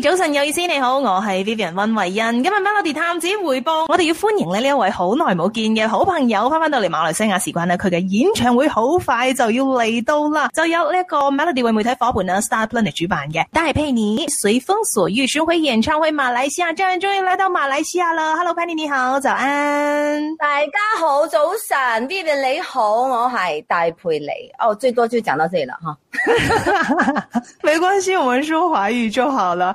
早晨，有意思，你好，我係 Vivian 温慧欣。今日 Melody 探子回報，我哋要歡迎呢呢一位好耐冇見嘅好朋友翻翻到嚟馬來西亞時光，事關咧佢嘅演唱會好快就要嚟到啦。就有呢一個 Melody 嘅媒體伙伴啊，Star Planet 主辦嘅戴佩妮隨風所遇巡回演唱會馬來西亞，終於來到馬來西亞啦！Hello Penny，你好，早安。大家好，早晨，Vivian 你好，我係戴佩妮。哦、oh，最多就講到這裏啦，哈 沒關係，我們說華語就好啦